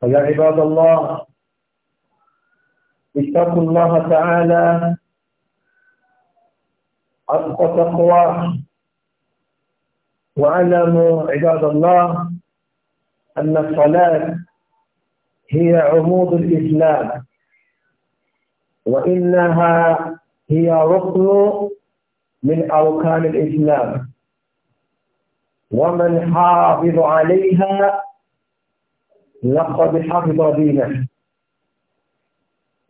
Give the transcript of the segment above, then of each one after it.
فيا عباد الله اتقوا الله تعالى حق تقوى واعلموا عباد الله ان الصلاه هي عمود الاسلام وانها هي ركن من اركان الاسلام ومن حافظ عليها لقد حفظ دينه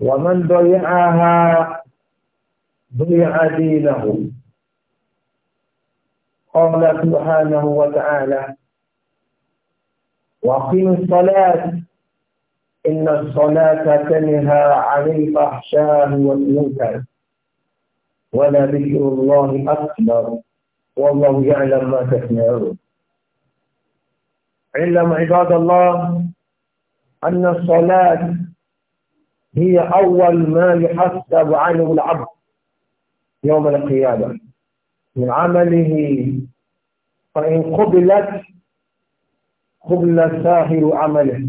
ومن ضيعها ضيع دينه قال سبحانه وتعالى وقم الصلاة إن الصلاة تنهى عن الفحشاء والمنكر ولذكر الله أكبر والله يعلم ما تسمعون علم عباد الله أن الصلاة هي أول ما يحسب عنه العبد يوم القيامة من عمله فإن قبلت قبل ساهر عمله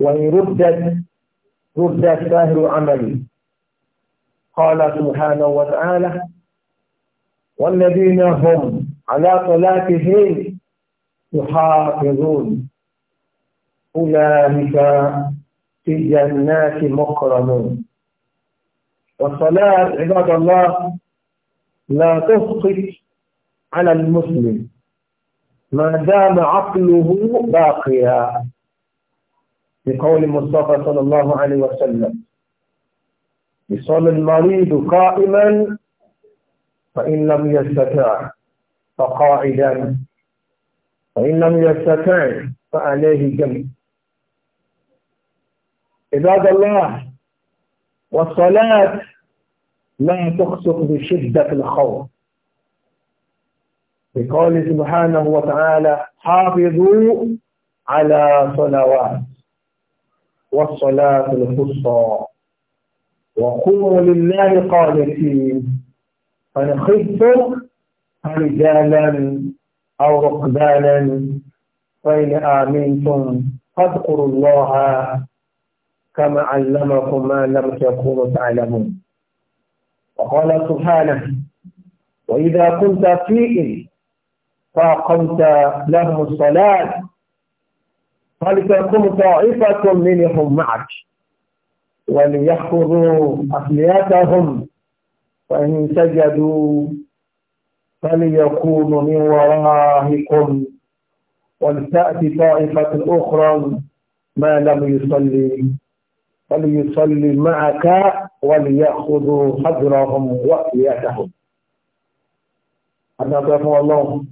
وإن ردت رد ساهر عمله قال سبحانه وتعالى والذين هم على صلاتهم يحافظون أولئك في جنات مكرمون والصلاة عباد الله لا تسقط على المسلم ما دام عقله باقيا بقول المصطفى صلى الله عليه وسلم يصلي المريض قائما فإن لم يستطع فقاعدا فإن لم يستطع فعليه جنب عباد الله والصلاة لا تخسر بشدة الخوف بقوله سبحانه وتعالى حافظوا على صلوات والصلاة القصى وقوموا لله قانتين فإن خفتم رجالا أو ركبانا فإن آمنتم فاذكروا الله كما علمكم ما لم تكونوا تعلمون وقال سبحانه وإذا كنت فيهم فأقمت لهم الصلاة فلتكن طائفة منهم معك وليحفظوا أحليتهم فإن سجدوا فليكونوا من ورائكم ولتأتي طائفة أخرى ما لم يصلي فليصلي معك وليأخذوا حذرهم وأقوياءهم أنا أتقى الله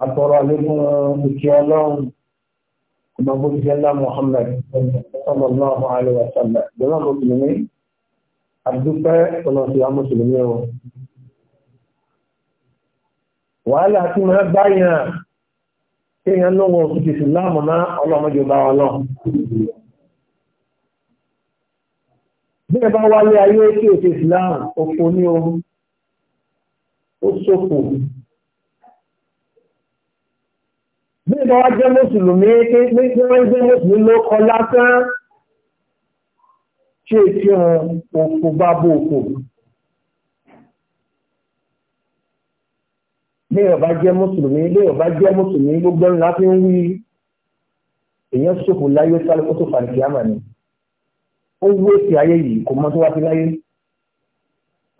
أترى لكم بكي الله مبوك الله محمد صلى الله عليه وسلم جماعة مسلمين أبدوك صلى الله مسلمين وعلى هاتم هبايا kéèyàn lóhun òfin ti ìsìláàmù máa ọlọ́mọdé bá wọn lọ. bí ẹ bá wálé ayé tí o ti ìsìláàmù òfò ní ohun ó ṣòfò. bí ẹ bá wá jẹ́ mùsùlùmí kí wọ́n jẹ́ mùsùlùmí ló kọ lásán ṣé ìṣe òfò bá bò òfò. léèyàn bá jẹ́ mùsùlùmí léèyàn bá jẹ́ mùsùlùmí gbogbo ẹnu láti ń wí èèyàn ṣòfò láyé sáré kó tó fà nìkì àmà ni ó wé sí ayé yìí kò mọ tó wá sí láyé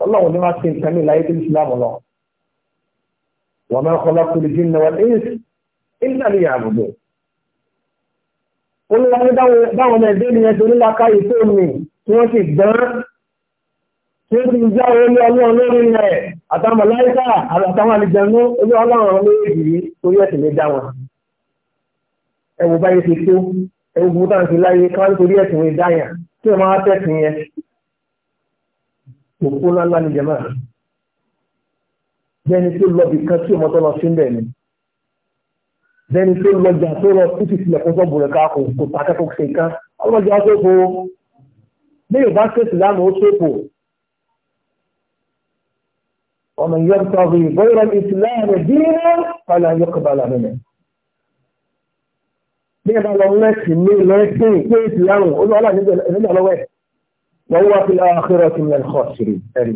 ọlọ́run ní wàá ṣe nǹkan ní láyé tó ní sílámù lọ wọn máa kọ́ lọ́kùnrin lójú ní wọn ẹ̀yìn ìlànà ìyá àbùdó ó ní láyé báwọn ẹ̀dẹ́ nìyẹn tó ní lákàyè tó tí wọ́n sì gbọ́n tí ó ti já orí ọlọ́run lórí rẹ̀ àtàwọn láìka àtàwọn àlejànú orí ọlọ́run lórí ìdí torí ẹ̀sìn lè dá wọn. ẹ wo báyìí ti tó ẹ wo bó táwọn ti láyé káwọn nítorí ẹ̀sìn lè dá yàn tí wọ́n máa tẹ̀sìn yẹn. òkú ńláńlá ni jẹ̀mọ́ bẹ́ẹ̀ni tó lọ bìkan tí ọmọ tó lọ ti tilẹ̀kùn tó bùrẹ̀ ká kò kò pàtàkì ṣe kan ọlọ́jà tó kó bí Yorùbá ṣèṣì lánàá ó tó kò ومن يبتغي غير الإسلام دينا فلا يقبل منه bí ẹ̀bá lọ lẹ́sìn ní lẹ́sìn pé ìsìláàmù olúwàlá nígbà lọ́wọ́ ẹ̀ wọ́n wá sí àkírọ̀ tí mẹ́rin kọ́ sírí ẹ̀rí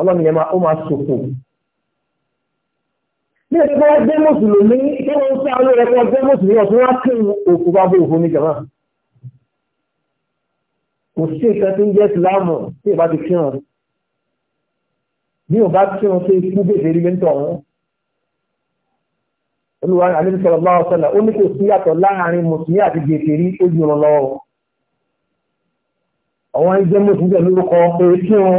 ọlọ́run yẹn máa ó máa sòkò bí ẹ̀rí bá jẹ́ mùsùlùmí tí wọ́n ń sá olóore kọ́ jẹ́ mùsùlùmí ọ̀tún wá kí òkú bá bó òfin níjàmá kò sí ìkan tí ń jẹ́ ìsìláàmù tí ìbá ti fi hàn rí bí o bá tí wọn ṣe ikú bèbè rí lẹ́ńtọ̀ wọn. olùwà àlejò sọ̀rọ̀ bá wọn sọ̀rọ̀ ó ní kò sí yàtọ̀ láàrin mùsùlùmí àti gbèsè rí ó ju wọn lọ́wọ́. àwọn ẹgbẹ́ mùsùlùmí pẹ̀lú orúkọ pé kí wọn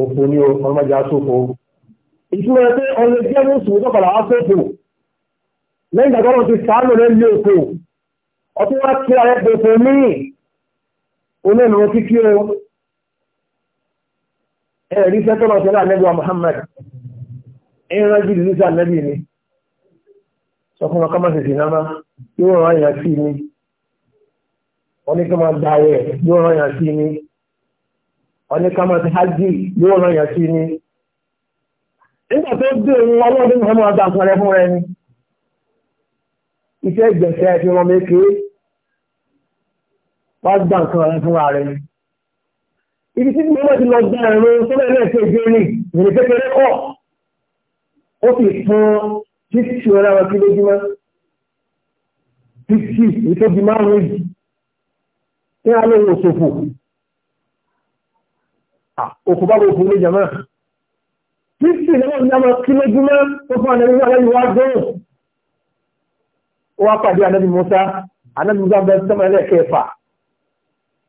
òfò ni ọmọdé aṣòfò. ìtumọ̀ ẹ pé ọ̀nà mùsùlùmí tó padà aṣòfò lẹ́yìn ìgbà tó ti sàánù rẹ̀ lé òfò ọtí wá kí ara ẹ̀ ẹ̀rí fẹ́ tọ́lọ̀ tẹ́lá nẹ́bíwa Muhammad ìran jù lùsà nẹ́bí ni sọkún ọkọ̀ máa tètè náà yóò rán ìyàn sí ni wọ́n ní ká máa gba ẹ̀ yóò rán ìyàn sí ni wọ́n ní ká máa ti hajj yóò rán ìyàn sí ni nígbà tó dé òun ọlọ́dún ọmọ ọgbà àpẹẹrẹ fún rẹ ni iṣẹ́ ìgbẹ̀sẹ̀ fi wọn mékèé wọ́n gbà nǹkan rẹ fún wa ni ibi tí mo ti lọ gba ẹ̀rọ sọ́lẹ̀ lẹ́ẹ̀kẹ́ ìgbéni ìrìn kékeré kọ́ ó sì fún títí ọ̀rá wa kí lójúmọ́ títí ìtọ́jú márùn-ún yìí ní alẹ́ òṣòfò òkú bá gbogbo ní jama títí lọ́wọ́ ní àwọn kí lójúmọ́ tó fún ànàbí wà lẹ́yìn wá dóhùn ó wá pàdé ànàbí Musa ànàbí Musa bẹ́ẹ̀ sọ́mọ́ ẹlẹ́ẹ̀kẹfà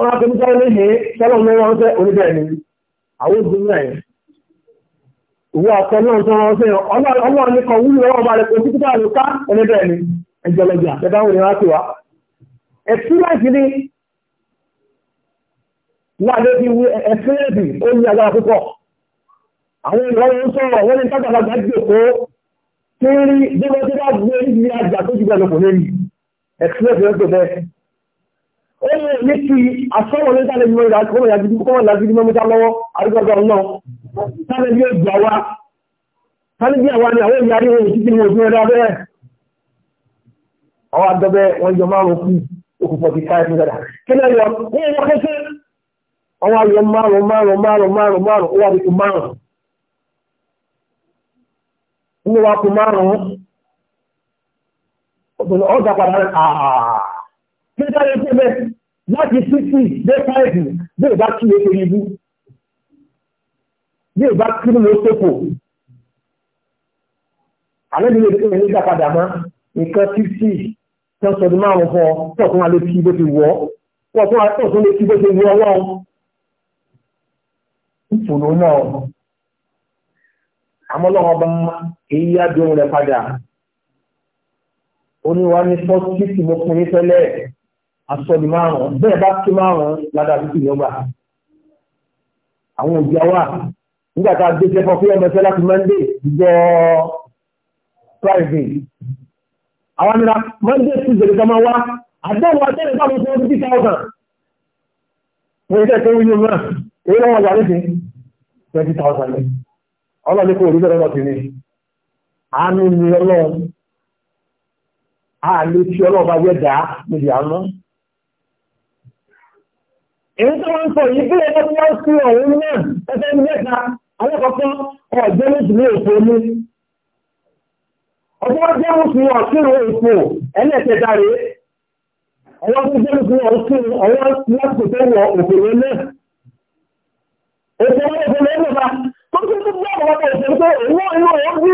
ọmọ akẹ́kọ̀ọ́ sáré léhe sọ́lọ́ ló wọ́n fẹ́ oníbẹ̀ ni àwọn obìnrin náà yẹn ìwọ ọkọ náà tó wọ́n fẹ́ ọlọ́run ní kan wúlò lọ́wọ́ balẹ̀ pé títí táà ló ká oníbẹ̀ ni ẹjọ́lọ́jà ẹ̀dá wò ni wọ́n á ti wá. ẹ̀fúrẹ́sì ni láàbẹ̀ fi wú ẹ̀fúrẹ́sì ó ní agbára púpọ̀ àwọn ìrọ̀rùn ń sọ̀rọ̀ wọ́n ní tágbàlagbà jòkó kí rí bí wọ́n ti bá gbé ní ìlú àjà tó jù bẹ́ẹ̀ lọ́kùnrin ẹ̀fúrẹ́sì ló Oye ní ti àṣọ́wọ̀ ní tàbí ìmọ̀ ìdájú kọ́mọ̀ ìyàjú kọ́mọ̀ ìlàjú ní mọ́mọ́ta lọ́wọ́ àrígbàgbà ọ̀nà tàbí bí ẹgbà wá. Tàbí bí ohun títí ní òfin ọ̀dá awa Àwọn àgbẹ̀bẹ̀ wọn jọ márùn kú òkú ní káyọ̀ pé bẹ́ẹ̀ láti sixty dé five bí ò bá kí ló ṣe ibú bí ò bá kí ló ṣòfò àlẹ́ mi lè fi ẹni gbà padà mọ́ nǹkan sixty tó sọdún márùn-ún fún ọ tó ọ̀tún alẹ́ kí bó ti wọ̀ ọ́ tó ọ̀tún alẹ́ kí bó ti wọ̀ ọlọ́run ìṣòro náà àmọ́lọ́wọ́ bá èyí adùn rẹ̀ padà ó ní wá ní sọ́ọ́sì tí mo fún yín tẹ́lẹ̀ asọ́ni márùn-ún bẹ́ẹ̀ bá kí márùn-ún ládàá títí ní ọgbà àwọn òbí wa nígbà tá a gbé sẹ́fọ́ fún ẹ̀mẹ́sẹ́ láti monday jọ friday àwọn mìíràn monday tún jẹ̀rẹ̀ ká wá àdéhùn àánú ni ọlọ́run tí ọlọ́run bá wẹ̀ dá níbi àánú èyí tó wọ́n ń sọ yìí kílẹ̀ tó wọ́n sí ọ̀hún náà ẹgbẹ́ mẹ́ta alákọ̀ọ́kọ́ ọ̀jẹ́ mùsùlùmí èso ní ọdún wọ́n jẹ́ mùsùlùmí ọ̀sùnrù èso ẹlẹ́ẹ̀kẹta rèé ọwọ́ tó jẹ́ mùsùlùmí ọ̀sùnrù ọwọ́ lásìkò tó wọ òkèèrè náà èso wọn èso lẹ́yìn bá tó tún tó bá wọn èso tó owó inú ọ̀hún bù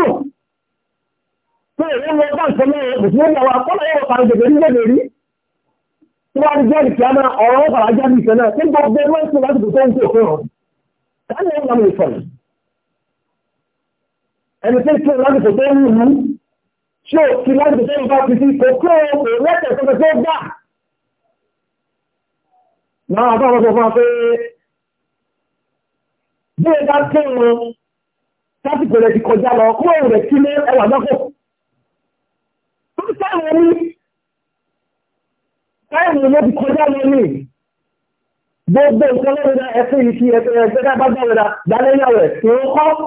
pé èyí lọ bá ìfọ̀mọ́ tí wọ́n jẹ́ ìkíá náà ọ̀rọ̀ ọ̀fàrà jẹ́ ìṣẹ́ náà tí gbogbo ẹgbẹ́ ń sọ láti kò tó ń tó fún ọ. Táyà ń lọ́mọ ìfọ̀lẹ̀. Ẹni tí kí láti kò tó ń wù ṣé o kí láti kò tó ń bá ti o lẹ́tẹ̀ tó tó gbà. Máa bá wọn sọ fún wa pé bí ẹ bá kí wọn láti kọjá lọ kó o rẹ̀ kí ní ẹwà náà kò. Tó táìmù ló ti kọjá lọ ní gbogbo nǹkan lọ́wọ́dá ẹ̀fẹ́ ìfi ẹ̀fẹ́dá bá gbàwọ́dá dálẹ́yàwó ẹ̀sìn ó kọ́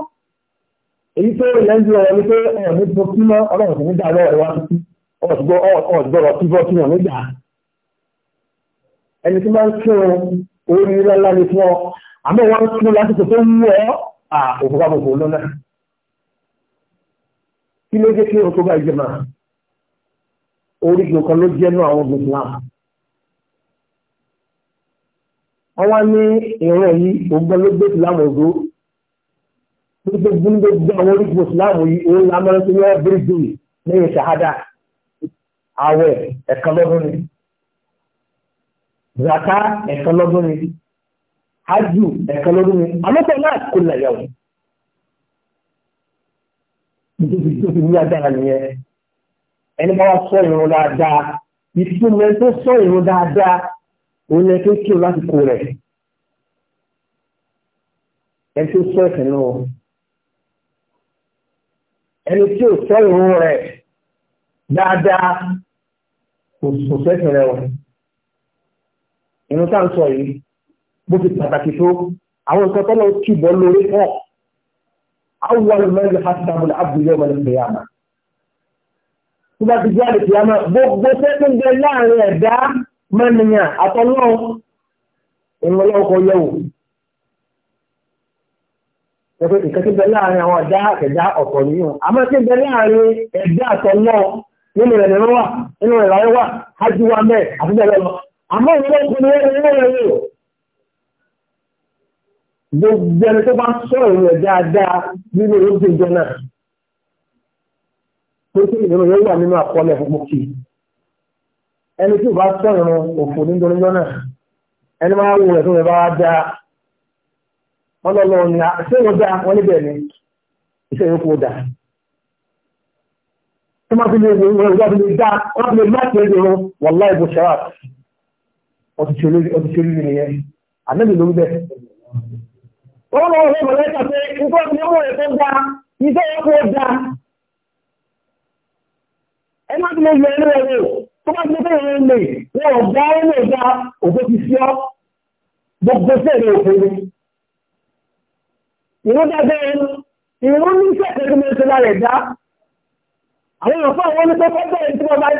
èyí tó rẹ̀ ń lọ wípé ọ̀rọ̀ ní tó kí mọ́ ọlọ́run tó ní dà lọ́wọ́ ẹ̀wá títí ọ̀gbọ́rọ̀ tí bọ́ kí wọ́n nígbà ẹni tí máa ń kí wọn orí lọ́lá ni fún ọ àmọ́ wọn kí wọn lásìkò tó ń wọ́ à òfúkàbòfò lọ́lá kí ló jẹ́ kí wọn tó bá ìjẹmà orí kan ló jẹ́ náà àwọn gbogbo àwọn wọ́n ní ìran yìí ògbọ́n ló gbé ìsìlámù ògbó gbogbo gbogbo àwọn orígun ìsìlámù yìí òun la máa ń fi wọ́n lẹ́yìn ṣahada àwẹ̀ ẹ̀kan lọ́dún ni zaka ẹ̀kan lọ́dún ni hajj ẹ̀kan lọ́dún ni àmọ́tọ̀ náà kò lè yẹ̀wò nítorí tó fi ní agbára nìyẹn ẹni bá wá sọ ìrun dáadáa ìtumọ̀ tó sọ ìrun dáadáa òun lẹ tó kí o láti kó rẹ̀ ẹ tó sọ ẹ̀sẹ̀ náà ẹni tí ò sọ ìrun rẹ̀ dáadáa kò sọ ẹ̀sẹ̀ rẹ̀ wọ̀ ìrun tá à ń sọ yìí bó ti pàtàkì tó àwọn nǹkan tó lọ kí bọ́ lórí pọ̀ àwọn olùmọ̀lẹ́ hasabul abdul yawm al-qiyamah tó bá ti jẹ́ àlè kìyàmà gbogbo sẹ́kùn jẹ́ láàrin ẹ̀dá mẹ́niyàn àtọ́lọ́run ìwọ̀n lọ́kọ̀ yẹ̀wò. Ẹgbẹ́ ìkan tí ń bẹ láàrin àwọn ọ̀dá ẹ̀dá ọ̀pọ̀ nìyàn. Àmọ́ tí ń bẹ láàrin ẹ̀dá àtọ́lọ́ nínú rẹ̀ nínú wà, nínú rẹ̀ láyé wà, ájú wa mẹ́ àti bẹ̀rẹ̀ lọ. Àmọ́ ìwọ̀n kò ní wọ́n nínú rẹ̀ yìí. Gbogbo ẹni tó bá ń sọ ẹni tí ò bá tọ́ ìrun òfò ní gbọ́njọ́ náà ẹni máa wo rẹ̀ tó rẹ̀ bá wá dá wọn lọ lọ ní ṣé wọn dá wọn níbẹ̀ ni iṣẹ́ yóò kó dá tó máa fi lè wo ìwọ̀n ìwọ̀n fi lè dá wọn fi lè má tẹ̀ ẹ́ ìrun wọ́n láì bó ṣe wà ọtí ṣe orí nìyẹn ànábì ló ń bẹ̀. wọ́n lọ wọ́n mọ̀ lẹ́ka pé nǹkan ti mú ẹ̀ tó dá iṣẹ́ yóò kó dá ẹ tó bá gbé bẹ́ẹ̀ lè wọ́n ọ̀gá ẹ̀rọ ìgbà òkú ti fi ọ́ gbogbo sẹ́ẹ̀rẹ̀ òkú ni. ìwọ́n dábẹ́ ìwọ́n ní sẹ́ẹ̀kẹ́ tó mẹ́rin tó lára ẹ̀dá àwọn ọ̀pọ̀ àwọn ní pẹ́pẹ́ bẹ́ẹ̀ tí wọ́n bá ń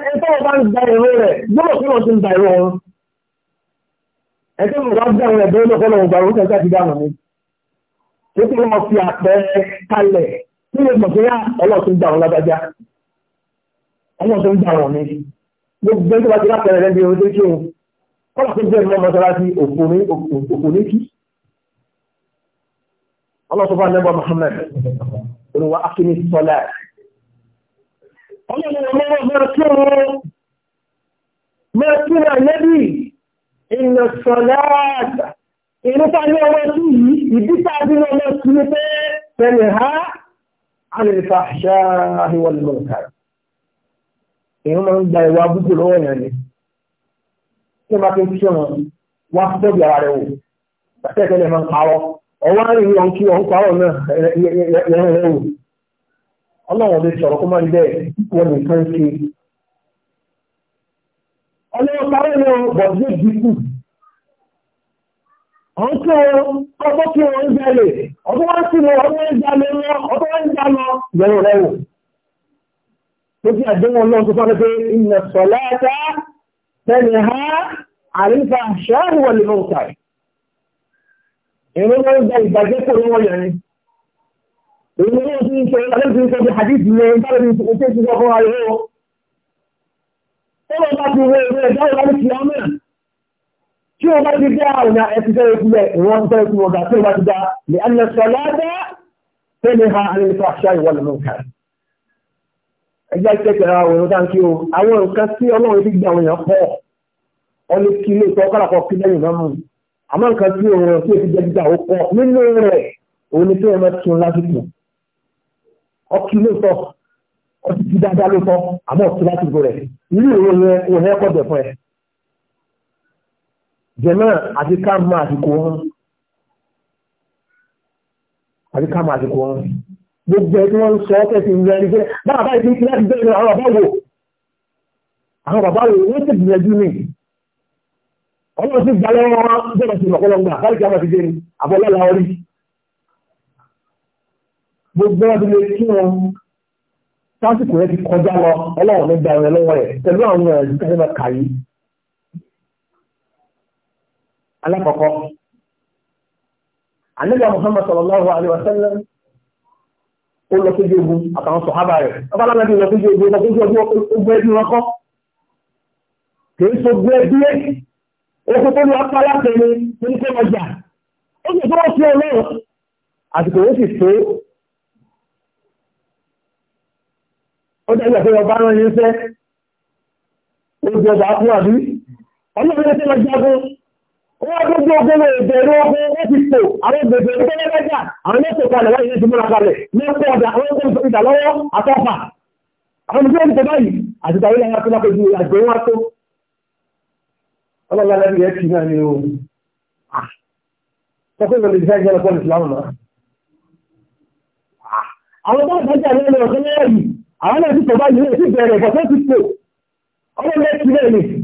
gba ìró rẹ̀ gbọ́dọ̀ pé wọ́n ti ń gba ìró wọn. ẹ̀kẹ́ mi wá gbà wọn ẹ̀bẹ́ lọ́kọ́ lọ́wọ́ gbà orúkọ ẹ̀ka ti dáhùn mi. ó ti wọ́n fi àpẹẹrẹ kalẹ̀ tí mo mọ̀ pé ọlọ́ọ̀tún gbà wọn lágbájá ọlọ́ọ̀tún gbà wọn mi gbogbo tó bá ti lápẹ̀rẹ̀ rẹ̀ bí ohun tó kí òun kọ́lá tó jẹ́ ìmọ̀ mọ́sálásí òpó ní kí ọlọ́sọ̀fà nẹ́bà Muhammad olùwà akíní sọ́lá Ìnà sọ̀láàdà, ìrúfà ní ọmọ sí yìí, ìdíta bí ọmọ sí ní pé, Fẹ́lẹ̀ ha, a lè fàṣà àríwọ̀ lè mọ̀ kàrì. èèyàn máa ń gba ìwà àbúkù lọ́wọ́ èèyàn ni tí wọ́n ń wá ara rẹ̀ wò bàtẹ́ máa ń parọ́ ọwọ́ àárín ọ̀hún kí ọ̀hún parọ́ náà ẹ̀rọ rẹ̀ wò ọlọ́run lè sọ̀rọ̀ kó má rí bẹ́ẹ̀ wọ́n lè ṣe ọlọ́run parọ́ bọ̀dé dínkù àwọn tí wọn wọn ń jalè ọdún ni ọdún wọn ń jalè wọn ọdún tó fi àdéhùn ọlọ́run tó sọ́nà pé inna salata tanha anil fahsha'i wal munkar ìrìn wọn gba ìgbàgbé kò ní wọ́n yẹn ìrìn wọn fi ń sọ ìgbàgbé fi ń sọ bí hadith yẹn bára ní ti sọ fún ayé bá ti wọ́n bá ti dá àwọn ẹ̀fíṣẹ́ ẹjá ìtẹ́kẹ̀ ara wọ̀nyọ́ dáńkí o àwọn nǹkan tí ọlọ́run ti gbé àwọn èèyàn pọ̀ wọ́n lè kí ilé ìtọ́ kọ́lákọ́ kí lẹ́yìn náà mú àmọ́ nǹkan tí òun rẹ̀ tí èsì jẹ́ gbígbà ó pọ̀ nínú rẹ̀ òun ni tí wọ́n máa tún lásìkò ọkì ló sọ ọtí ti dáadáa ló sọ àmọ́ ọtí lásìkò rẹ̀ irú ìwé yẹn òun rẹ̀ kọ́ bẹ̀fọ́ ẹ̀ jẹ̀mọ́ àti ká máa àsìkò wọn àti ká máa àsìkò wọn gbogbo ẹ̀ tí wọ́n ń sọ ọ́kẹ́sì ń rẹ̀ ní pé bára báyìí tí ń fi láti bẹ̀rẹ̀ àwọn bàbá wò àwọn bàbá wò wọ́n sì gbìyànjú ní ọlọ́run sì gbà lọ́wọ́ wọn bẹ̀rẹ̀ sí ọ̀pọ̀lọpọ̀ àkálìkì àwọn ti dé ní àbọ̀lọ́lá orí gbogbo ọdún lè kí wọn sásìkò rẹ ti kọjá lọ ọlọ́run ló gba ìrìn lọ́wọ́ rẹ̀ pẹ̀lú àwọn ẹ̀rù kan nípa kàyí alákọ̀ọ́kọ́ àníbà Muhammad sallallahu alaihi wa sallam ó lọ sójú ogun àtàwọn sọ̀hábà rẹ̀ ọba alámẹ́bí lọ sójú ogun lọ sójú ogun ẹbí wọn kọ́ kìí sógun ẹbí ẹ oko tó ní apá láti ẹni tó ní kó ọjà ó sì fọwọ́ sí ọlọ́run àsìkò ó sì tó ó dẹ́ ìgbà pé ọba rán yín sẹ́ ó di ọjà fún àbí ọlọ́run ló ti lọ jagun Wọ́n gbogbo ogun ìbẹ̀rù ogun wọ́n ti tò àwọn ìbẹ̀rù tó lẹ́gbẹ̀jà àwọn mẹ́tò kalẹ̀ láyé ti múra kalẹ̀ ní ọjọ́ ọ̀dà àwọn ọmọ ìfẹ́ ìdà lọ́wọ́ àtọ́fà. Àwọn ìfẹ́ ìdìbò báyìí àti ìdàwé láyé tó lápẹ́ ju àgbẹ̀ wọn tó. Ọlọ́lá lẹ́nu yẹn ti náà ni o. Sọ́kọ́ ìwọ̀n lè fẹ́ jẹ́ lọ́pọ̀ ní ìsìlámù náà. Àwọn tó ń fẹ́jà ní ọ̀sán lẹ́yìn àwọn náà ti tò báyìí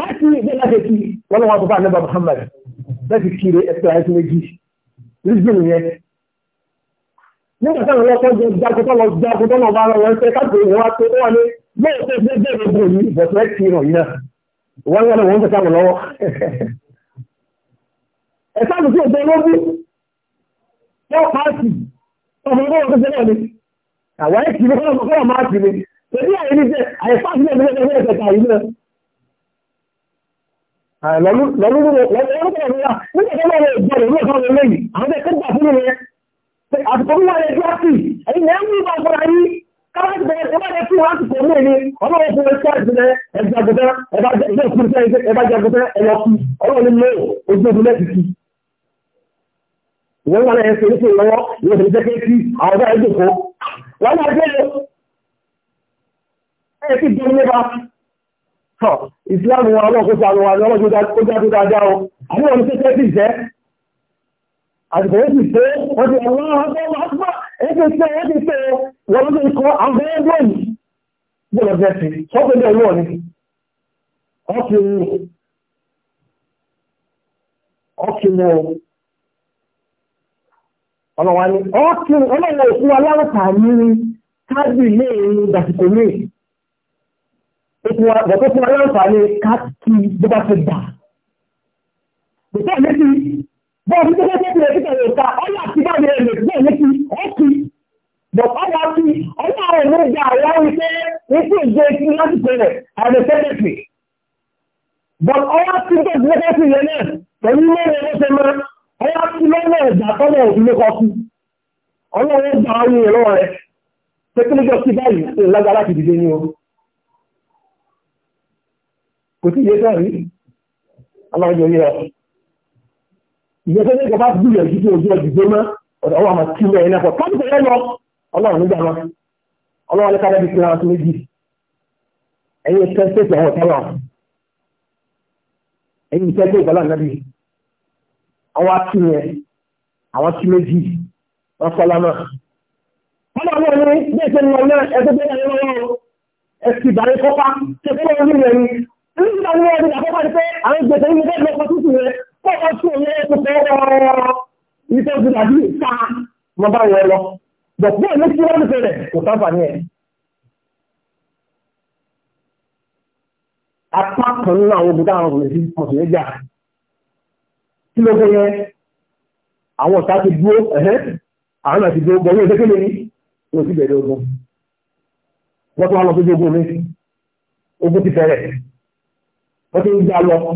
àti ìgbẹ́lá ṣe kí wọ́n lọ́wọ́ tó bá nẹ́bà Muhammad láti kiri ẹ̀sẹ̀ àìsí méjì lisbon yẹn nígbà táwọn ọlọ́pàá jẹ jágútọ́ lọ jágútọ́ lọ bá wọn ṣe káàkiri wọn tó wà ní bẹ́ẹ̀ tó bẹ́ẹ̀ bẹ́ẹ̀ bẹ́ẹ̀ yìí bọ̀tẹ́ ti ràn yìí náà wọ́n yẹn wọ́n ń tẹ̀sán lọ́wọ́ ẹ̀sán àti òde lógún wọ́n pàṣì ọmọ ọgbọ́n ọdún sẹ́lẹ̀ ni àwọn ẹ̀kì ní kọ́lọ̀ máa ti ni pẹ̀lú àyè Wọ́n wọ́n ní ṣe ìsìláàmù wa ọlọ́kó sàánú wa ní ọlọ́jọ́ tó dáadáa o àbí wọn tó tẹ́sí ìṣẹ́ àtìkò ó sì pé wọ́n ti ọ̀rọ̀ ọ̀rọ̀ ọ̀pọ̀ ẹgbẹ́ tí wọ́n ti pé wọ́n ti kọ́ àwọn ẹgbẹ́ yìí gbọ́dọ̀ bẹ́ẹ̀ sí sọ́kùn ní ọlọ́ ni ọkùnrin ọlọ́wà ni ọkùnrin ọlọ́wà òkú aláwọ̀ tààmì tábìlì ìdàsìkò mìíràn bọ̀tọ́ fún aláǹfààní káàkì bó bá ti dà. Bọ̀tọ́ létí, bọ́ọ̀dún tó kẹ́kẹ́ bẹ̀rẹ̀ títẹ̀ rẹ̀ ká, ọ̀yà àti báyìí rẹ̀ lè bẹ́ẹ̀ létí, ọ̀kì. Bọ̀tọ́ wá sí, ọ̀yà rẹ̀ ló gba àwọn iṣẹ́ iṣẹ́ ìjẹ́ ikú láti tẹ̀lẹ̀ àrẹ sẹ́kẹ̀tì. Bọ̀t ọ̀yà sí bẹ́ẹ̀ sẹ́kẹ̀tì yẹn náà, pẹ̀lú mẹ́rin ló ṣe máa, ọ̀yà sí lọ́nà ẹ̀dà tọ́lẹ̀ ìdílé kọ sí. Ọlọ́run gba àwọn èèyàn lọ́wọ́ rẹ̀. Pé kí ló jọ sí báyìí, ìlágbá láti dìde ní oru kò tí yẹ sẹ́rí alájọ yẹ ìyẹ́sẹ́ ní ìjọba gbúyẹ̀ jí tí ojú ọjọ́ ìgbé mọ́ ọ̀dọ̀ ọwọ́ àmà tí lẹ́yìn náà pọ̀ tó yẹ lọ ọlọ́run nígbà wọn ọlọ́run ní kájọ́ bí fún ara tó méjì ẹ̀yìn tẹ́sítẹ́sì àwọn ọ̀tá wà ẹ̀yìn tẹ́sítẹ́sì ìgbàlá nàbí àwọn atí yẹn àwọn tí méjì wọn fọlá náà ọlọ́run ní bí ẹ̀sẹ̀ ní ọ̀nà ẹ̀sẹ̀ bẹ́ẹ̀ nígbà wo ọdún àkọ́kọ́ ni pé àwọn gbèsè ní ilé ìlọ́pọ̀ tútù rẹ̀ kọ́kọ́ tí òun yẹ kó fẹ́ rọrọ iṣẹ́ òfin àbí ìta mọ bá yẹ lọ bọ̀pọ̀ ní tí wọ́n nífẹ̀ẹ́ rẹ̀ kò sáfà ní ẹ̀. apá kan nínú àwọn ogun táwọn ọkùnrin sí ọ̀sùn ẹgbà kí ló fẹ́ yẹ àwọn ọ̀tá ti dúró ẹ̀hẹ́ àwọn àti dúró bọ̀ ní ìdẹ́kẹ́lẹ́ ní òsì bẹ̀rẹ̀ ogun wọ́n tún wá lọ sí ogun mi ogun ti fẹ́rẹ̀ wọ́n ti ń gbá lọ lójú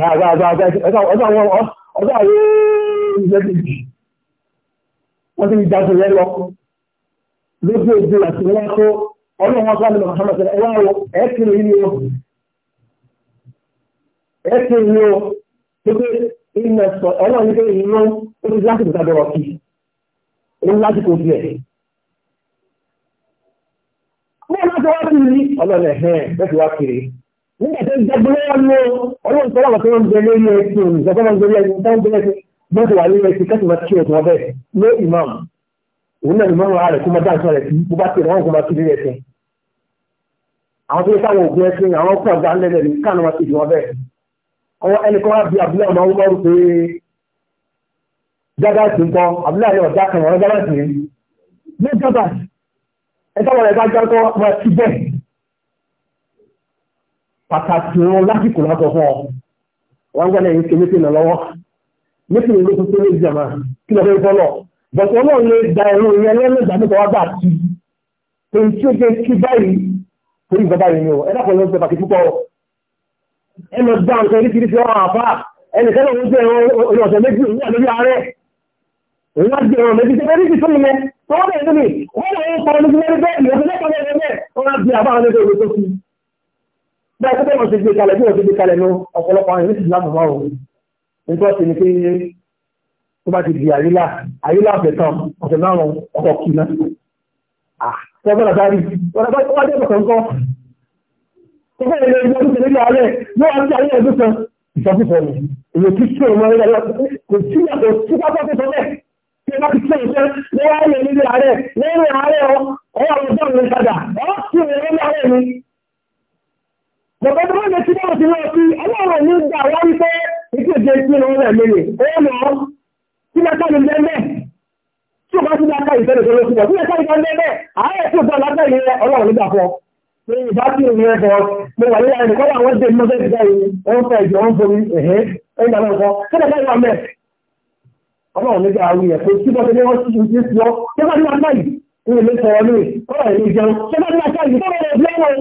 ojú àti wọ́n tó ọlọ́run wọn sáré lọ sọ́mọ̀ ẹwà wọ ẹ̀ẹ́kìrì yìí o ẹ̀ẹ́kìrì yìí o tó pé ilẹ̀ sọ ọlọ́run ní pé ìlú ó ti láti kòtà dọ̀rọ̀ kì ó láti nígbà tó ń dẹ́gbẹ́ lọ́wọ́ ọlọ́run tó wà tó ń bẹ lórí ẹ̀sìn òmìnira tó ń bẹ lórí ẹ̀sìn tó ń bẹ lórí mọ́tò wà lórí ẹ̀sìn kẹ́tù máa ti ṣe ẹ̀sìn ọbẹ̀ lé imam òun náà imam rẹ̀ kó máa dá nǹkan rẹ̀ sí bó bá tẹ̀lé wọn kó máa ti rí ẹ̀sìn àwọn tó yẹ káwọn ògùn ẹ̀sìn àwọn kọ̀ gbà ń lẹ́lẹ̀ káàánú máa ti ṣe ọbẹ̀ ọwọ́ ẹni kan wá bí abúlé ọmọ ọmọ rú pé jágáàtì ń kọ́ abúlé ayé ọ̀dá kan ọ̀rọ̀ jágáàtì ní jágáàtì ẹ pàtàkì wọn lásìkò lọ́tọ̀ fún ọ wọn gbọ́dọ̀ yìí ṣe mẹ́tìrì lọ́wọ́ mẹ́tìrì ló fún sílé ìjàmà kí lọ́dọ̀ yìí fọlọ́ bọ̀tọ̀ náà lè da ẹ̀rọ ìyẹn lẹ́lẹ́dà nípa wá bá ti tó ń tí ó jẹ́ kí báyìí tó ń gbà báyìí ni ọ ẹ̀dá kan ló ń sọ pàtàkì púpọ̀ ẹ lọ dá nǹkan oríṣiríṣi ọ̀rọ̀ àfà ẹnì kan ló ń jẹ́ orí ọ̀sẹ̀ méjì ní àlórí ààrẹ òun wá jẹ́ ọ̀rọ̀ méjì tó méjì tó lè tọ́wọ́ bẹ̀rẹ̀ nínú ìwọ́n náà ń pa ọmọ méjì mẹ́rin bẹ́ẹ̀ ni ọ̀sẹ̀ mẹ́ta bẹ́ẹ̀ tó bẹ́ẹ̀ wọ́n ti gbé kalẹ̀ bí wọ́n ti gbé kalẹ̀ ní ọ̀pọ̀lọpọ̀ àwọn ìrìnsì láàmù máa wò nígbà tí ni pé tó bá ti di àrílà àrílà àfẹ́tàn ọ̀sẹ̀ náà ọkọ̀ kì náà tó bẹ́ẹ̀ látàrí wọ́n bá wá dé ọ̀sán kọ́ tó bẹ́ẹ̀ lè lọ sí ilé ààrẹ yóò wá sí àrílà ẹ̀dùn kan ìsọfúnfọ ni èyí tí tí òun rẹ̀ kò sí àtọ̀ sí pápá tó sọ́lẹ̀ tí wọ́n ti tẹ̀ ìṣẹ́ lọ́wọ́ lè nílé ààrẹ lẹ́yìn ààrẹ ọ Bàbá tó bá lè ti náà ti lọ́ọ̀ sí aláwọ̀ ní gbà wá wípé ìkéde ìpínlẹ̀ rẹ̀ lóye. Ó lọ sí lọ́tà ní lẹ́lẹ̀. Tí o bá sí lọ́tà ìfẹ́lẹ̀ tó lọ sí lọ́tà ìfẹ́lẹ̀ tó lẹ́lẹ̀, àárẹ̀ tó bá lọ́tà ìlẹ̀ ọlọ́run nígbà fọ́. Mo ìbá tí o yẹ bọ̀, mo wà nílẹ̀ ẹnìkọ́ àwọn dé mọ́ bẹ́ẹ̀ gbá yìí, ó ń fẹ́ ìjọ ń bomi ẹ̀hẹ́ ẹ̀yìn àwọn ọkọ̀. Kí lọ́tà ìwà mẹ́? Ọlọ́run nígbà àwọn èèyàn pé kí ní wọ́n sì ti fi Ní ilé sọ̀rọ̀ ní ìkọ́rọ̀ ìlú jẹun. Kí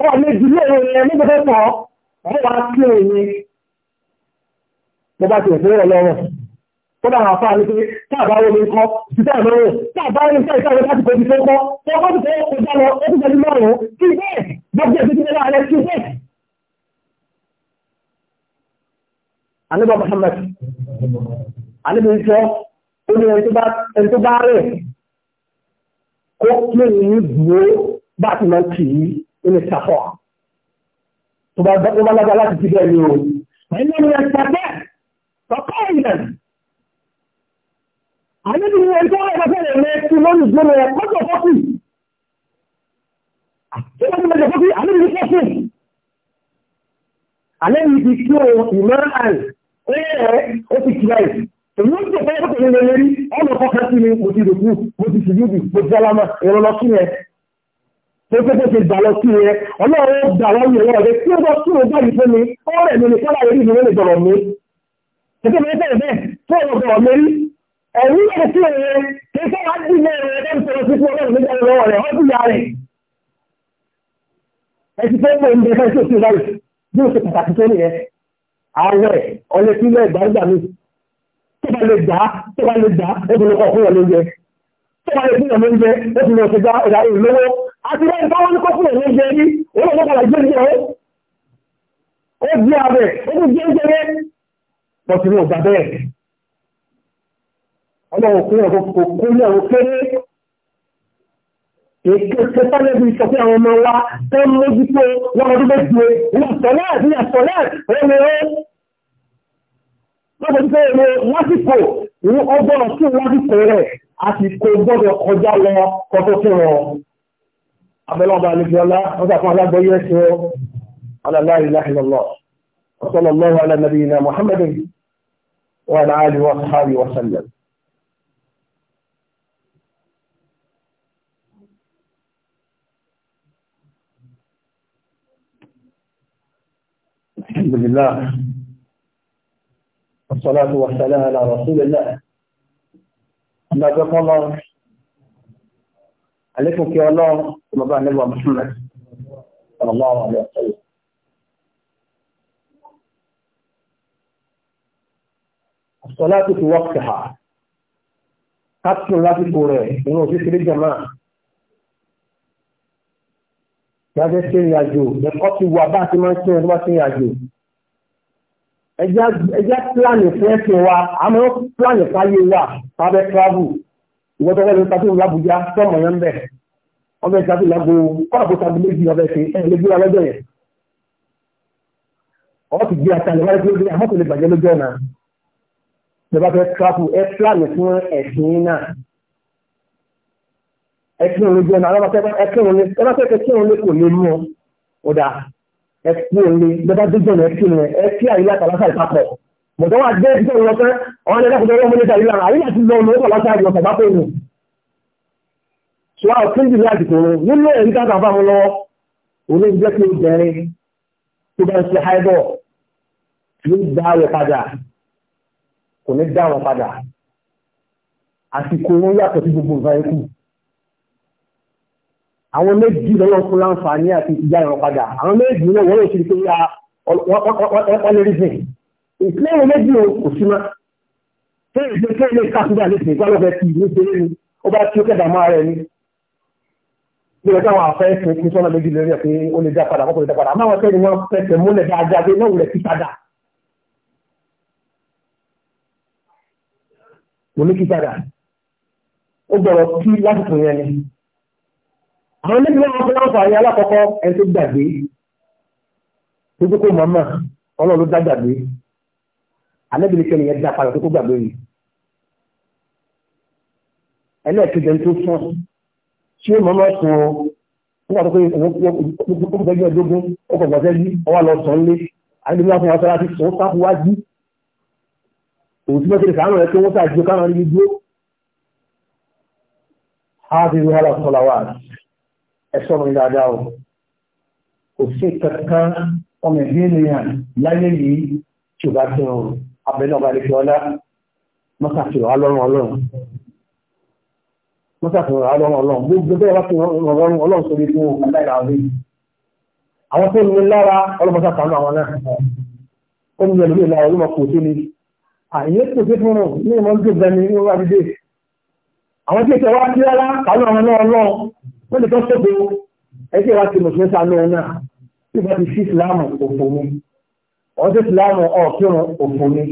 ọwọ́ méjì lóòrùn Àníbọ̀ Muhammad Àníbọ̀ Ìṣọ́ ó tó bá rẹ̀ kó kí èyí dúró bá ti máa kì ilé ṣàfọ́ tó bá gbọ́ bá lágbá láti fi bẹ́ẹ̀ ni o ẹni ni ẹ ṣàfẹ́ tọ́kọ́ ilẹ̀ àníbi ni ẹjọ́ ẹ̀rọ fẹ́rẹ̀ rẹ ti lórí ìgbóni ẹ kọ́jọ fọ́kù tí wọ́n ti lọ́jọ fọ́kù àníbi ni fọ́kù àníbi ti kí o ìmọ̀ àn ẹ̀ẹ́ ó ti kí láì èyí ó jẹ́ fẹ́rẹ́ fọ́kù ní lórí ọ̀nà kọ́kọ́ sí ni mo ti dòkú mo ti ṣùgbọ́n mo ti sálámà ìrọ̀lọ́kí yẹn pépépé ti gbà lọ sí yẹn ọlọ́run ó gbà wọ́n yẹn lọ́rọ̀ tí ó bá tí ó bá yìí fún mi ọ̀rẹ́ mi nìkan láyé rí mi ló lè dọ̀rọ̀ mi. Tètè mi bẹ̀rẹ̀ bẹ́ẹ̀ tó o dọ̀rọ̀ mi rí. Ẹ̀rí yẹn sí ẹ̀rẹ́ kí ṣé wàá dì mí ẹ̀rẹ́ ẹ̀rẹ́ sọ̀rọ̀ sí fún ọlọ́run nígbà lọ́wọ́ rẹ̀ ọ́ dìyà rẹ̀. Ẹ ti fẹ́ mọ̀ ní ẹgbẹ́ tó ti báyìí bí o ṣe pàtàkì sí ilé ẹ̀gbá nígbà mi. bá lè gbà tó bá lè gbà ó ti lọ kọ̀ fún ọ̀lẹ́ oúnjẹ. Tó bá lè fún ọ̀lẹ́ ó ti lọ ṣe gbá ọ̀dà ìlówó àti lẹ́yìn táwọn ní kọ́sùn ẹ̀mí jẹ rí owó ọ̀pọ̀lọpọ̀ jẹ́ jẹ́ ó ó di abẹ̀ ó ti jẹ́ jẹ́ pọ̀tù ní ọ̀gbà bẹ́ẹ̀ ọlọ́run kúrò kò kó ní ọ̀rọ̀ kéré èké tó sáré bí sọ pé àwọn ọmọ wa tó ń mójútó wọn ọdún méjì ní àtọ̀lẹ́ ní àtọ̀lẹ́ rẹ̀ ó lọ́pọ̀ tó èrò lásìkò ìwọ́n ọgbọ́n fún lásìkò rẹ̀ àsìkò gbọ́dọ̀ kọjá lọ kọ́tọ́ fún wọn أبلغ ذلك الله وتقوى الله بيسه على لا إله إلا الله وصلى الله على نبينا محمد وعلى آله وأصحابه وسلم الحمد لله والصلاة والسلام على رسول الله أما الله àlékún kí ọlọ́run tó bàbá àlẹ́wà mùsùlùmí ọlọ́run àlẹ́ ọ̀sẹ̀yẹ. Àsọlá tó ti wọ́pẹ̀ ha, kápsùn lásìkò rẹ̀ nínú òṣìṣẹ́ jẹ̀mọ́. Gbadé ṣe ìrìn àjò, ẹ̀kọ́ ti wà bá a ti máa ń ṣe ìrìn àjò ìrìn àjò. Ẹja pílánì fún ẹ̀sìn wa, àmọ́ pílánì fáyé wa, tábẹ́ travel ìwọ́n tó wọ́n tàbí lábújá sọ́mọ̀ yẹn bẹ̀ ọbẹ̀ tàbí lábú kọ́ọ̀kọ́ tàbí méjì ọbẹ̀ ṣe ẹ̀yìn lójú ọlọ́jọ́ yẹn ọ́ ti gbé àtàlẹ̀ wáyé tó gbé àmọ́tò lè bàjẹ́ lójú ọ̀nà ìjọba fẹ́ trapu ẹ plan fún ẹ̀sìn náà ẹ kí òun lójú ọ̀nà alábàtẹ́ ẹ kí òun lé kò lè mú ọ ọ̀dà ẹ kí òun lé lọ́ba dójú ọ̀nà ẹ kí òun ẹ kí àyílá àtàlásà ìpapọ̀ bọ̀dọ̀ wà dé ìdíjọ́ ìrọ̀tẹ́ ọ̀rọ̀ ẹlẹ́kùnrin ọmọ níta ìlànà àríyà ti lọ ọmọ ọkọ̀ látàrí ọ̀sẹ̀ bá pẹ̀lú ṣùgbọ́n ọ̀tún jù láti kòrò nílé ẹ̀rí káàkà bá wọn lọ́wọ́ òun ló jẹ́ kí ó bẹ̀rẹ̀ tó bá ń ṣe háìbọ̀ ló dá rẹ̀ padà kò ní dá wọn padà àsìkò wọn yàtọ̀ sí gbogbo nǹkan ikú àwọn méjì lọ́wọ́ fún láǹfààní àti ìyá ìrọ̀ padà àwọn méjì náà wọ́n lè ṣe pé ìsìlẹ́yìn méjì kò sí máa tí ìṣe kí ilé kásúdà lè sìn ìpàlọ́ fẹ́ ti ní ṣeré ni ó bá tí ó kẹ́dà máa rẹ̀ ni bí wọ́n táwọn afẹ́ ẹ̀sìn kí sọ́nà méjì lórí ẹ̀ pé ó lè dá padà kọ́kọ́ lè dá padà àmọ́ ọ̀tẹ́ ni wọ́n fẹsẹ̀ múlẹ̀ dáadáa pé náà wulẹ̀ sí padà mo ní kí padà anábìnrin kẹ́ni yẹn dá padà tó kó gbàgbé rí ẹlẹ́ẹ̀kejì tó sùn tí ó mọ́mọ́ sùn ó nígbà tó pé òun fẹ́ jẹ́ ọdógún ó kọ̀ gbọ́sẹ́ yí ọwọ́ lọ sọ nílé anábìnrin wọn fún wọn sọ láti sùn ó sáfù wá jí òun tí wọ́n ti sàánù rẹ̀ pé wọ́n sàájú káwọn rí dúró háàbí rí hálà sọ́lá wà ẹ̀sọ́ mi dáadáa o kò sí kankan ọmọ ìdí ènìyàn láyé yìí tí ò bá tẹ̀ ọ̀rọ̀ abẹ́lẹ́ ọba lè fi ọlá mọ́sàfihàn alọ́run ọlọ́run mọ́sàfihàn alọ́run ọlọ́run gbogbo bẹ́ẹ̀ bá fi ọlọ́run ọlọ́run sórí fún aláìlá rí àwọn tó ní lára ọlọ́mọsá kanú àwọn náà ó ní ẹlòmí ìlà ọlọ́mọ kò sí ni àyè kò sí fún un ní ìmọ̀ ń gbé ní ìwà dídé àwọn tí ìṣẹ̀wá sí rárá kanú àwọn náà ọlọ́run ọdún ìsìláàmù ọ̀kírun òfò ni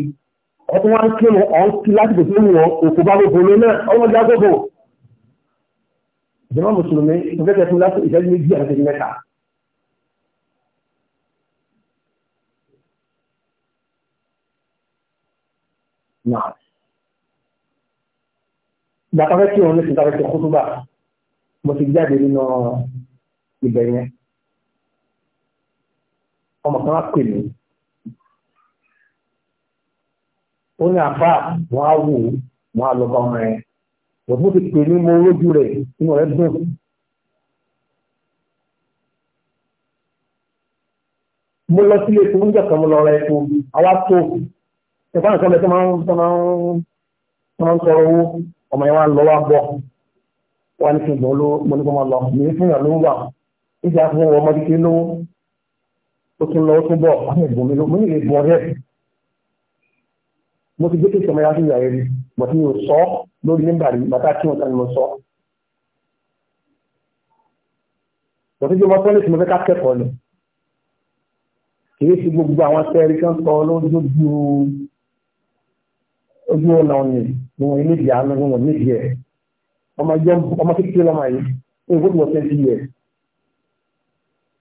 ọdún wá ń kírun ọ̀n kí lásìkò tó wù ọ́ òkú bá gbogbo ní náà ọmọ jágógó ìjọba mùsùlùmí ìfẹ́kẹ́ fún lásìkò ìṣẹ́jú méjì àti ìṣẹ́jú mẹ́ta náà gbàtàfẹ́ kí òun ní ṣìkàfẹ́ tó kú mo ti jáde nínú ibẹ̀ yẹn ọmọ kan wá pè mí ó ní àfà wọn á wò wọn á lọ bá ọmọ yẹn lọ́gbọ́n ti pè ní mo rójú rẹ̀ inú rẹ̀ dùn. mo lọ sílé epo oúnjẹ kan mo lọ ra epo àwa tó ẹ̀fọ́ nǹkan bẹ́ẹ̀ tó máa ń tó máa ń tó máa ń sọ̀rọ̀ owó ọmọ yẹn wá lọ wá bọ̀ wá ní ṣùgbọ́n ló mo ní kó máa lọ mi fún ìyàn wà nígbà fún ọmọ kékeré lówó ó tún lọ ó tún bọ̀ á ní ìbọn ló mo ní ìbọn rẹ̀ mo ti gbé kéèké ọmọ yàtọ̀ ìyàwó rí mo ti yóò sọ lórí nígbà rí bàtà tí wọn kan mo sọ. mo ti jẹ́ ọmọ pọ́lì tí mo fẹ́ ká kẹ́kọ̀ọ́ lọ. kìí ṣe gbogbo àwọn sẹ́ẹ̀rì kan sọ lójú ojú ọ̀nà òní ni wọ́n nídìí àánú ni wọ́n nídìí ẹ̀. ọmọ jẹ́ ọmọ kékeré lọ́mọ yìí ní ìgbókùn ọ̀sẹ̀ ti yẹ.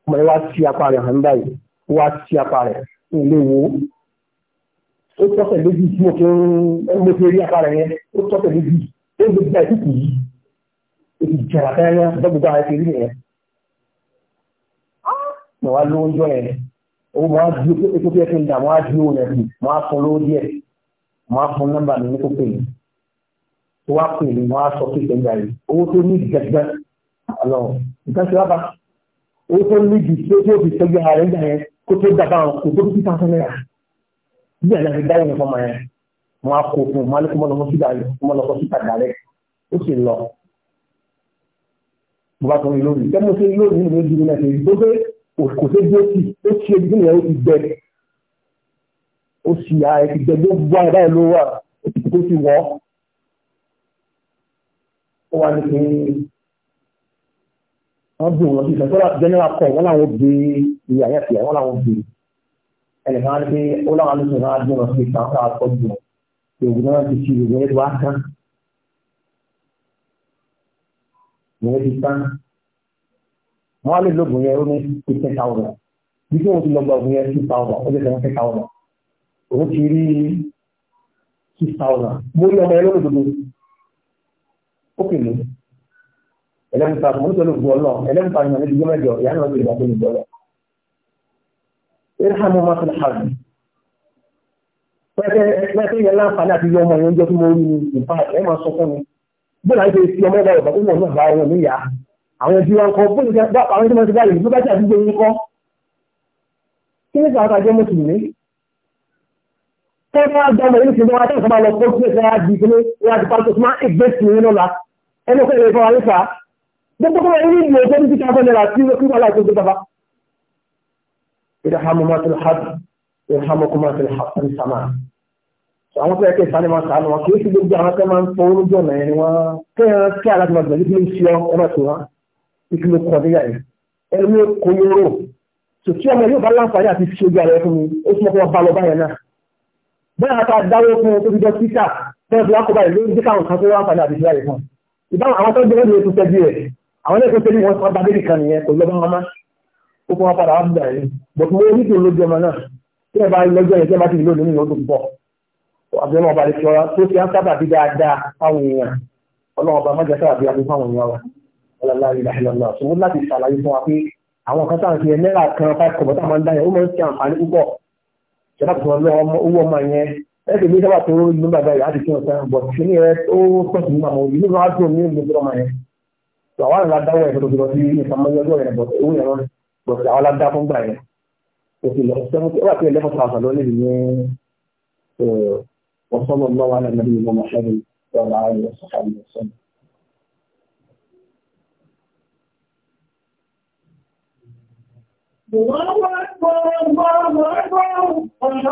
ọmọ yẹn wá sí apá rẹ̀ hàn báyìí wá sí apá rẹ̀ ní ilé wo ó tọ́sẹ̀ lójú tí mo fi ń mo fi rí afárá yẹn ó tọ́sẹ̀ lójú ó ń gbé ìtìkù yìí ó ti jẹrà kẹ́yà dọ́gbọ́dọ́ àti rí yẹn. mo wá lówó jọ yẹn owó mo wá di ètò tí ẹ fi ń dà mo wá di owó yẹn bi mo wá fún lówó díẹ̀ mo wá fún nọ́mbà mi ní kó pè mí tó wá pè mí mo wá sọ pé ìgbà yìí owó tó ní gẹ́gẹ́ àlọ́ nǹkan ṣe wá bá owó tó ní bí ẹ̀rọ ti dáyọ̀ nìkan mọ̀ yẹn wọn á kó fún un mọ́lẹ́kọ́ mọ́ lọ́kọ́ síta mọ́ lọ́kọ́ síta dàrẹ́ ó sì lọ. mo bá tún rí lórí ṣé mo ṣe rí lórí nínú ojú mi náà ṣe rí tó pé kò ṣe bí ó ti ó ṣe ojú mi ó ti gbẹ ó sì ara ẹ ti gbẹ gbogbo ara ẹ ló wà ó ti wọ́ ó wà ní pé wọ́n bí wọn sí ìfẹ́ sọ́dọ̀ general kọ̀ wọ́n làwọn obìnrin ìyá yẹn fi wọ́n làwọn obìnrin ẹnìkan á ní pé ó láwọn alóṣù náà á dùn lọ sí ìtàn ká pọ̀ jù òògùn náà ti fi òògùn yẹn wá kán ìyẹn ti tán wọ́n á lè lóògùn yẹn ó ní fifteen thousand bí kí wọ́n ti lọ gba òògùn yẹn two thousand ó lè tẹ̀ wọ́n ten thousand òun ti rí six thousand mo rí ọmọ yẹn lóògùn gbogbo ó kèlè ẹlẹ́mùta mo ní sọ lóògùn ọlọ́ ẹlẹ́mùta ni mo ní dùgbọ́ mẹ́jọ ìyá irhamu ma fi hàn pẹ́ẹ́tẹ́ yẹn láǹfààní àti yọ ọmọ yẹn jẹ́ fún mi orí mi ìfà ẹ̀ máa sọ fún mi bóyá ìfẹ́ fi ọmọ ẹgbẹ́ ọ̀bà fún ọmọ ọ̀bà ọmọ mi yá àwọn ẹbí wọn kọ bóyá ìfẹ́ bá àwọn ẹbí wọn ti bá yìí bóyá ìfẹ́ àdúgbò yín kọ́ kí ní sàwọn àjọ mùsùlùmí tẹ́lẹ̀ wá gbọ́mọ̀ yìí ṣùgbọ́n wá tẹ́lẹ̀ lọ kó kílẹ̀ sára di kílé wá ti pàṣẹ fún ẹgbẹ́ sí inú la ẹnu kọ́ ìrẹ́fọ́ wa gbogbo irhamu ma fil hard irhamukum ma fil hard ní sàmà. àwọn tó yẹ kí ìsàlẹ̀ máa sàánù wọn kì í sì gbogbo àwọn tó máa ń fọwọ́ lójú ọ̀nà ẹni wọn kéèyàn kí aláàbò máa gbẹ̀lú kí ló ń ṣe ọ ẹ máa tó wọn kí ló kọ níyà yìí ẹni ló kó yóró tòtí ọmọ yóò bá láǹfààní àti ṣe ojú ara ẹ fún mi ó sì mọ fún wọn bá lọ báyẹn náà bẹ́ẹ̀ àti àdáwó fún un tó fi jọ títà bẹ́ẹ̀ fi lákòbá ìlú ní káwọn kan tó láǹfààní àti ṣe àyè fún un ìbáwọn àwọn tó ń gbé ó fún wọn padà wá fúgbà yìí bọ̀tú wọ́n oníkèé lójú ọmọ náà tí ẹ bá lọ́jọ́ yẹn tí ẹ bá ti lò lónìí ó tó pọ̀ àbẹ̀wò ọba àti ọ̀rá tó fi ń sábà bí dáadáa fáwọn èèyàn ọlọ́run ọba mọ́jà sábà bí abúlé fáwọn èèyàn wa ọlọ́lá ìlà ìlọ́lá ṣùgbọ́n láti ṣàlàyé fún wa pé àwọn kan sáà ń fi ẹ náírà kan five kọ̀bọ̀ tá a máa ń dá yẹn ó máa ń ṣe àǹfààní púpọ̀ ṣẹlá tó lọ owó ọmọ yẹn ẹsẹ̀ mi sábà tó ní bàbá yìí láti kíyàn sáà bọ̀ sí ní ẹ ó pẹ̀sì ní màmá òbí nígbà tó ní ìlú ọmọ yẹn àwọn àlàdáwọ̀ ẹ̀ tó tó lọ sí ìfàmọ́yọ́jọ́ yẹn bọ̀ owó yẹn lọ́rẹ̀ bọ̀sẹ̀ àwọn aládá fún gbà yẹn kò lọ sẹ́fún ó wà pé eleven thousand ló lè ní ọ̀sán lọ́wọ́ wa nàbí ìlú mọ̀ṣẹ́rì ọ̀la ayọ̀ sọ̀kàlì ọ̀sán. Wọ́n wá gbọ́ wọ́n wá gbọ́ ọ̀nà